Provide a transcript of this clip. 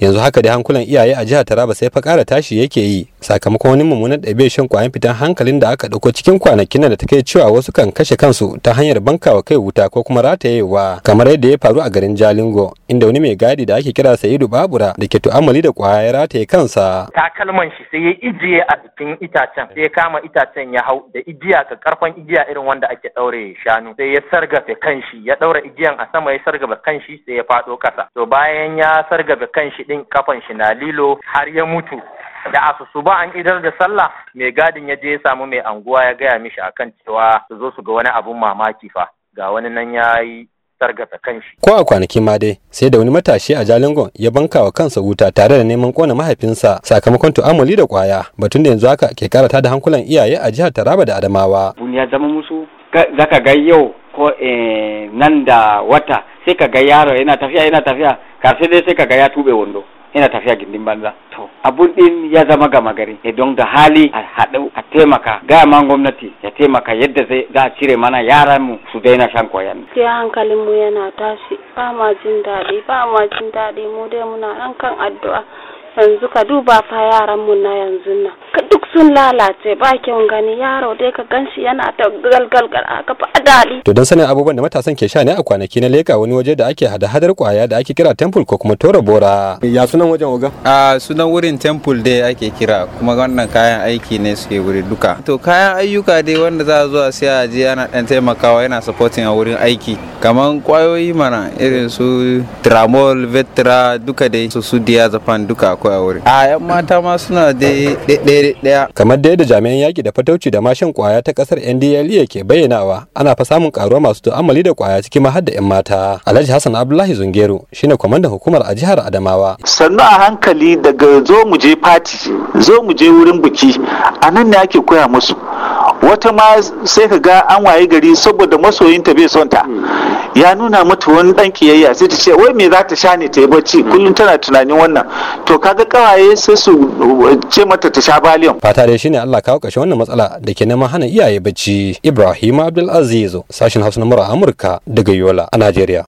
yanzu haka da hankulan iyaye a jihar taraba sai fa ƙara tashi yake yi sakamakon wani mummunan ɗabi'ar shan kwayan fitan hankalin da aka ɗauko cikin kwanakin da ta cewa wasu kan kashe kansu ta hanyar bankawa kai wuta ko kuma ratayewa kamar yadda ya faru a garin jalingo inda wani mai gadi da ake kira sa'idu babura da ke tu'amali da kwaya ya rataye kansa takalman shi sai ya ijiye a cikin itacen sai ya kama itacen ya hau da igiya ka karfan igiya irin wanda ake ɗaure shanu sai ya sargafe kanshi ya ɗaura igiyan a sama ya sargafe kanshi sai ya faɗo kasa to bayan ya sargafe kanshi Ɗin kafan shi na lilo har ya mutu da asusu ba an idar da sallah mai gadin ya je ya samu mai anguwa ya gaya mishi akan cewa su zo su ga wani abun mamaki fa ga wani nan ya yi sargata kanshi. Ko a kwanaki ma dai sai da wani matashi a Jalingon ya banka wa kansa wuta tare da neman kona mahaifinsa sakamakon tu'amuli da kwaya batun da yanzu haka ke karata da hankulan iyaye a jihar Taraba da Adamawa. ya zama musu zaka ga yau ko eh, nan da wata sai ka ga yaro yana tafiya yana tafiya karshe dai sai kaga ya tube wando ina tafiya gindin banza to abun din ya zama gama gari e don da hali a haɗu a taimaka ga man gwamnati ya taimaka yadda zai za a cire mana yaran mu su daina shan koyan sai hankalin mu yana tashi ba ma jin daɗi ba ma jin daɗi mu dai muna nan kan addu'a yanzu ka duba fa yaran mu na yanzu na. sun lalace ba kyan gani yaro dai ka ganshi yana ta galgal galgalgal aka fadali to dan sanin abubuwan da matasan ke sha ne a kwanaki na leka wani waje da ake hada hadar kwaya da ake kira temple ko kuma tora bora ya sunan wajen oga a sunan wurin temple dai ake kira kuma wannan kayan aiki ne suke wuri duka to kayan ayyuka dai wanda za a zo a siya a je ana dan taimakawa yana supporting a wurin aiki kaman kwayoyi mana irin su tramol vetra duka dai su su diazepam duka akwai a wurin a yan mata ma suna dai ɗaya daya kamar da yadda jami'an yaki da fatauci da mashin kwaya ta kasar NDLEA ke bayyanawa ana fa samun karuwa masu tu'ammali da kwaya cikin ma har da yan mata Alhaji Hassan Abdullahi Zungeru shine kwamandan hukumar a jihar Adamawa sannu a hankali daga zo mu je fati zo mu je wurin biki a nan ne ake koya musu wata ma sai ka ga an waye gari saboda masoyinta bai son ta mm. ya nuna mata wani dan kiyayya sai ta ce wai me za ta sha ne ta yi bacci mm. kullum tana tunanin wannan to kaga kawaye sai su uh, ce mata ta sha baliyon fata dai shine Allah kawo kashe wannan matsala da ke neman hana iyaye bacci Ibrahim Aziz sashin Hausa na Amurka daga Yola a Najeriya